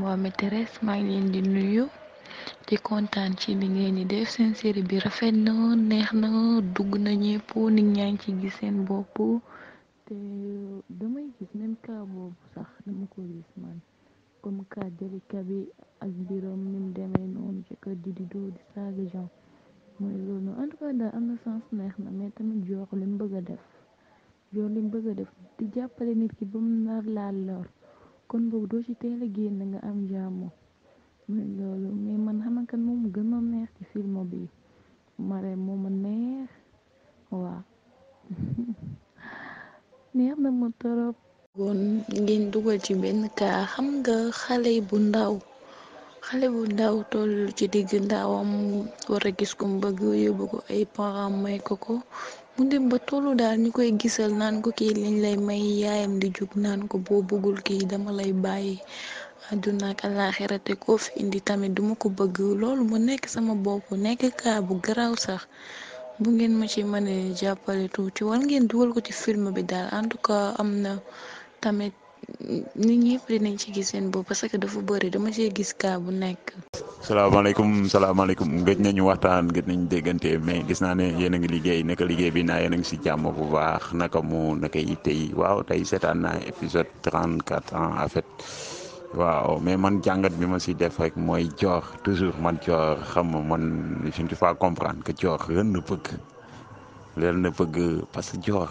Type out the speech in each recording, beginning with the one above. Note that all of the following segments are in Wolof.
Momy Therese maa ngi leen di nuyu di kontaan ci li ngeen di def seen série bi rafet na neex na dugg na ñëpp nit ñaa ngi ci gis seen bopp te damay gis même cas boobu sax dama ko gis man comme cas Jalika bi ak mbiram ni mu demee noonu ci kër di di doo di saaga jam mooy loolu noonu en daal am na sens neex na mais tamit jox li mu bëgg a def jox li mu bëgg a def di jàppale nit ki ba mu laal lor. kon boobu doo ci teel a génn nga am jàmm loolu mais man xamankan moom gën ma neex ci film bi mare moom a neex waaw neex na ma torop goon ngeen dugal ci benn kaa xam nga xale bu ndaw xale bu ndaw toll ci digg ndawam war a gis kum bëgg yóbbu ko ay parents may ko ko mu dem ba tollu daal ñu koy gisal naan ko kii lañ lay may yaayam di jug naan ko boo bëggul kii dama lay bàyyi àdduna ak àllaaxira te koo fi indi tamit duma ko bëgg loolu mu nekk sama bopp nekk kaa bu garaaw sax bu ngeen ma ci mënee jàppale tuuti war ngeen dugal ko ci film bi daal en am na tamit nit ñëpp dinañ ci gis seen bopp parce que dafa bari dama see gis kaa bu nekk. salaamaaleykum salaamaaleykum gëj nañu waxtaan gëj nañu déggante mais gis naa ne yéen a ngi liggéey naka liggéey bi naa yéen a ngi si jàmm bu baax naka mu naka yitte yi waaw tey seetaan naa épisode 34 ans en fait waaw mais man jàngat bi ma si def rek mooy joor toujours man joor xam nga man je ne peux pas comprendre que joor ren na bëgg ren na bëgg parce que joor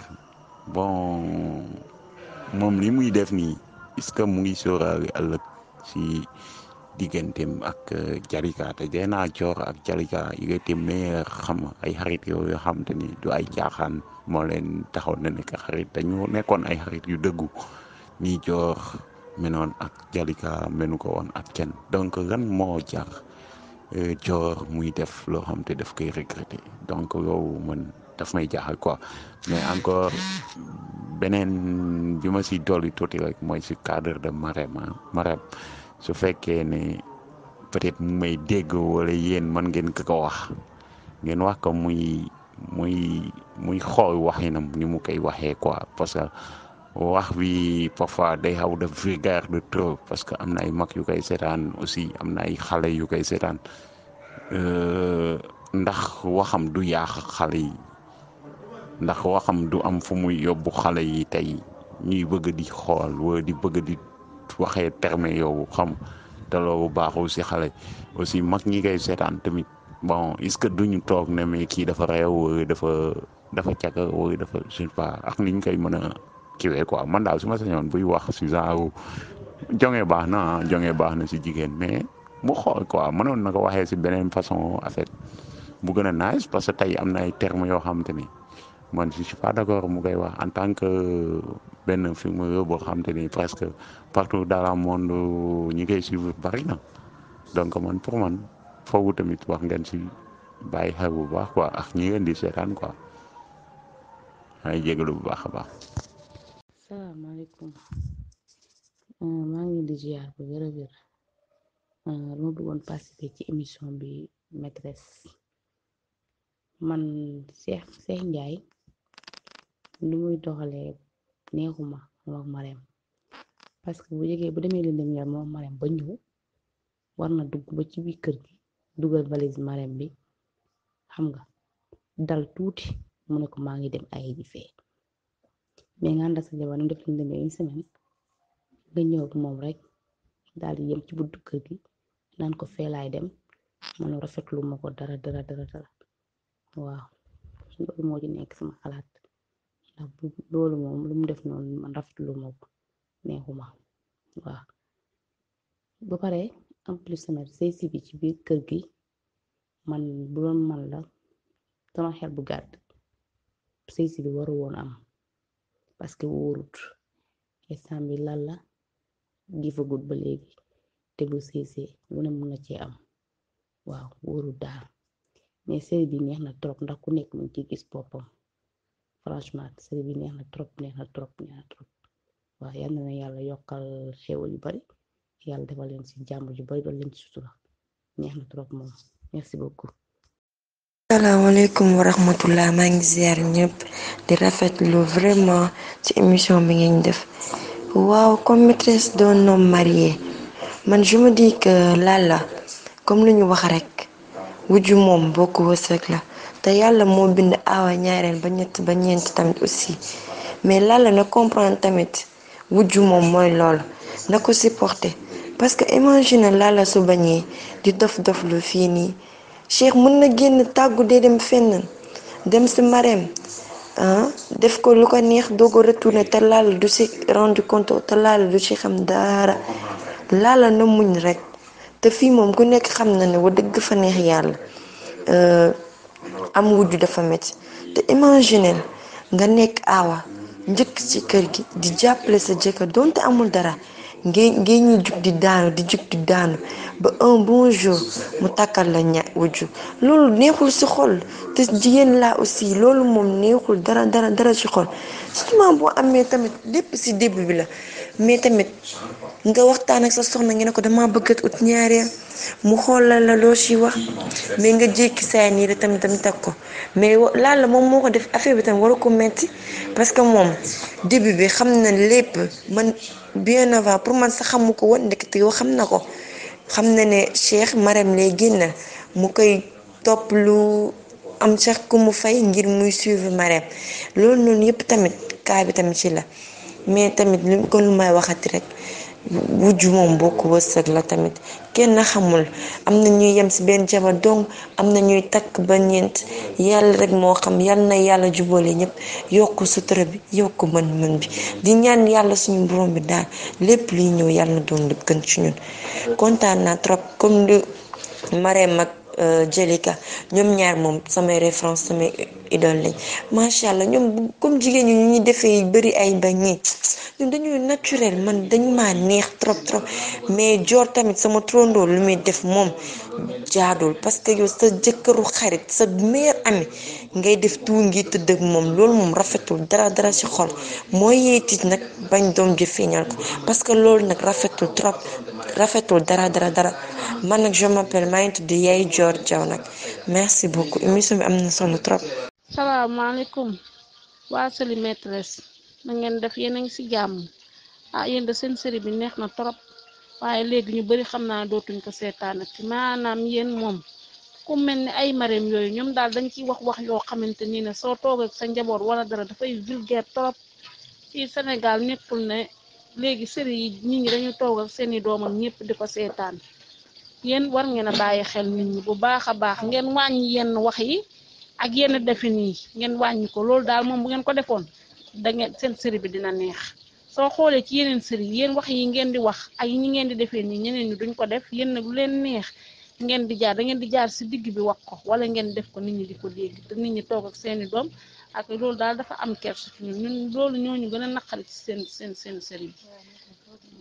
bon. moom li muy def nii est-ce que mu ngi sóoraale ëllëg si digganteem ak euh, Jalika te Dieyna Dior ak Jalika yi nga téeméer ay xarit yooyu xam te ni ay caaxaan moo leen taxaw na nekk xarit dañu nekkoon ay xarit yu dëggu nii joor menoon ak Jalika menu ko woon ak kenn donc lan moo jar coor euh, muy def loo xam te daf koy regretter donc loolu man daf may jaaxal quoi mais encore beneen bi si si dolli tuuti rek mooy si cadre de Marème ah. Marème su fekkee ne peut-être may dégg wala yéen man ngeen ko ko wax ngeen wax ko muy muy muy xool waxinam ni mu koy waxee quoi parce wax bi parfois day xaw def vulgaire de trop parce que am na ay mag yu koy seetaan aussi am na ay xale yu koy seetaan euh, ndax waxam du yaax xale yi ndax waxam du am fu muy yobbu xale yi tey ñuy bëgg di xool wala di bëgg di waxee terme yow xam te loolu baaxul aussi xale aussi mag ñi koy seetaan tamit bon est-ce duñu toog ne mais kii dafa réew dafa dafa càkk wala dafa je sais ak ni ñu koy mën a. kiwee quoi man daal su ma sañoon buy wax si genre jonge baax na jonge baax na si jigéen mais mu xool quoi mënoon na ko waxee si beneen façon en fait bu gën a nice parce que tey am na ay termes yoo xamante ni man je suis pas d'accord mu koy wax en tant que benn film yooyu boo xamante ni presque partout dans le monde ñi koy suivre bari na donc man pour man foofu tamit wax ngeen si baay xel bu baax quoi ak ñi ngeen di seetaan quoi ay jégalu bu baax a baax. salaamaaleykum euh, maa ngi di ziar bu wér a wér lu euh, ma bëggoon ci émission bi maîtresse man Cheikh Cheikh Ndiaye lu muy doxalee neexuma moom ak parce que bu jegee bu demee leen dem ñaar moom Marème ba ñëw war na dugg ba ci biir kër gi dugal valise Marème bi xam nga dal tuuti mu ne ko maa ngi dem ay ji mais nga ànd ak sa jabar nu def liñ la semaine nga ñëw ak moom rek daal yem ci buntu kër gi naan ko fee laay dem man rafetlu ma ko dara dara dara dara waaw loolu moo ci nekk sama xalaat ndax bu loolu moom def noonu man rafetlu ma ko neexuma waaw ba pare en plus sama say si bi ci biir kër gi man bu man la sama xel bu gàtt say si bi waru woon am. parce que wóorut instant bi lan la gifagut ba léegi te bu séesee lu ne mun na cee am waaw wóorut daal mais série neex na trop ndax ku nekk mu ngi ciy gis boppam franchement série bi neex na trop neex na trop neex na trop waaw yal na yàlla yokkal xéwal yu bari yàlla defal leen ci jàmm ju bari doon leen ci sutura neex na trop moom merci beaucoup. asalaamaaleykum wa maa ngi ziar ñëpp di rafetlu vraiment ci émission bi ngeen def waaw comme maîtresse d'un man je me dis que comme lu ñu wax rek wujju moom boo ko wërsëg la te yàlla moo bind aawa ñaareel ba ñeent tamit aussi mais Lalla na comprendre tamit wujju moom mooy lool na ko supporter parce que imagine Lalla su bañee di dof dof lu fii nii. Cheikh mën na génn tàggu dee dem fenn dem si mareem ah, def ko lu ko neex doo ko retourné te laala du si rendu compte te laala du ci xam dara laala na muñ rek te fii moom ku nekk xam na ne wa dëgg fa neex yàlla ah, am wujju dafa metti te imagineel nga nekk aawa njëkk ci kër gi di jàppale sa jëkka doonte amul dara ngeen ngeen ñuy jug di daanu di jug di daanu ba un bon jour mu takkal la ña wujju loolu neexul ci xol te jigéen laa aussi loolu moom neexul dara dara dara si xol surtout boo amee tamit lépp si début bi la mais tamit nga waxtaan ak sa soxna ngi ne ko dama bëggat ut ñaareel mu xoolal la loo ci wax mais nga jékki saay nii rek tamit tamit ak ko mais laal la moom moo ko def affaire bi tam ko metti parce que moom début bi xam na lépp man bien avant pour man sa xamu ko woon ndekete yoo xam na ko xam na ne Cheikh Marème lay génn mu koy topp lu am Cheikh ku mu fay ngir muy suivre Marème loolu noonu yëpp tamit kaa bi tamit ci la mais tamit lu kon lu may waxati rek. wujju moom bokk wërsëg la tamit kenn xamul am na ñuy yem si benn jabar donc am na ñuy takk ba ñeent yàlla rek moo xam yàlla na yàlla jubale ñëpp yokk sutura bi yokk mën-mën bi di ñaan yàlla suñu borom bi daal lépp liy ñëw yàlla na doon lu gën ci ñun kontaan trop comme li Marème mag Euh, Jelika ñoom ñaar moom samay référence samay idole lañ macha allah ñoom comme jigéen ñi ñu defee bëri ay bañee ñun dañuy naturel man dañu maa neex trop trop mais joor tamit sama trondoo lu muy def moom jaadul parce que yow sa jëkkëru xarit sa meilleur ami ngay def tuur ngi tëdd ak moom loolu moom rafetul dara dara ci xol mooy yeetit nag bañ doom ji feeñal ko parce que loolu nag rafetul trop rafetul dara dara dara man nag je m'appelle Mayintu di yaay Dior Diaw nag merci beaucoup émission bi am na solo trop. salaamaaleykum waa Soli Maîtresse ngeen def yéen a ngi si jàmm ah yéen de seen série bi neex na trop waaye léegi ñu bari xam naa dootuñ ko seetaan ak maanaam yéen moom. ku mel ni ay mareem yooyu ñoom daal dañ ciy wax wax yoo xamante ni ne soo toog sa njaboot wala dara dafay vulgaire trop fii Sénégal nekkul ne léegi série yi ñu ñi dañu toog ak seeni doomam ñëpp di ko seetaan yéen war ngeen a bàyyi xel nit ñi bu baax a baax ngeen wàññi yenn wax yi ak yenn defin yi ngeen wàññi ko loolu daal moom bu ngeen ko defoon da ngeen seen séri bi dina neex soo xoolee ci yeneen séri yéen wax yi ngeen di wax ak ñi ngeen di defee nii ñeneen ñi duñ ko def yéen nag leen neex ngeen di jaar da ngeen di jaar si digg bi wax ko wala ngeen def ko nit ñi di ko dégg te nit ñi toog ak seeni doom ak loolu daal dafa am kersa fi ñun ñun loolu ñooñu gën a naqari seen seen seen séri bi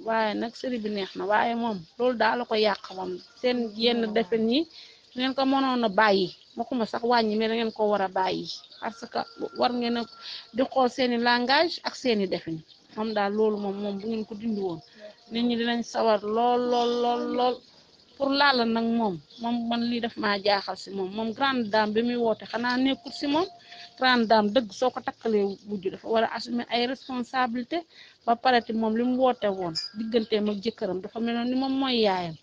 waaye nag série bi neex na waaye moom loolu daal la ko yàq moom seen yenn defen yi ngeen ko mënoon a bàyyi waxuma sax wàññi mais da ngeen ko war a bàyyi parce que war ngeen a di xool seeni langage ak seeni defin moom daal loolu moom moom bu ngeen ko dindi woon nit ñi dinañ sawar lool lool lool lool pour la nag moom moom man lii def maa jaaxal si moom moom grande dame bi muy woote xanaa nekkul si moom grande dame dëgg soo ko takkalee wujj dafa war a assumer ay responsabilité ba pare te moom li mu woote woon digganteem ak jëkkëram dafa meloon ni moom mooy yaayam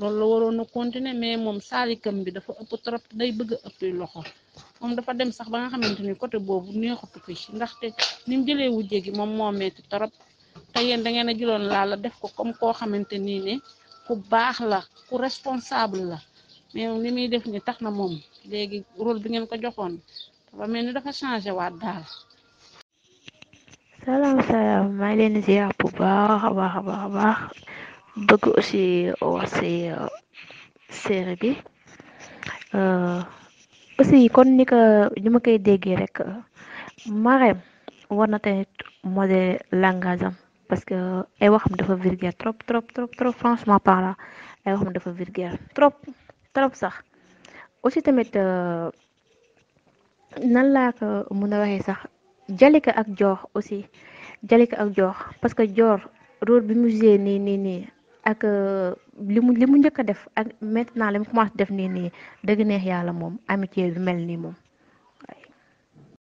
loolu la waroon a continuer mais moom saalikam bi dafa ëpp trop day bëgg ëpp loxo moom dafa dem sax ba nga xamante ni côté boobu neexatu ko ci ndaxte ni mu jëlee wujje gi moom moo metti trop te yéen da ngeen a jëloon laala def ko comme koo xamante nii ne ku baax la ku responsable la mais li def ni tax na moom léegi rôle bi ngeen ko joxoon dafa mel ni dafa changé waat daal salaam salaam maa leen ziar bu baax a baax a baax a baax bëgg aussi wax si euh, série euh, aussi kon ni ko ni ma koy déggee rek euh, Marème war na tamit modèle parce que ay waxam dafa vulgaire trop trop trop trop franchement parlant ay waxam dafa vulgaire trop trop sax aussi tamit euh, nan laa ko mën a waxee sax Jalika ak Dior aussi Jalika ak Dior parce que joor rôle bi mu joué nii nii nii ak euh, li mu li mu njëkk def ak maintenant li mu commencé def nii nii dëgg yàlla moom amitié bi mel nii moom.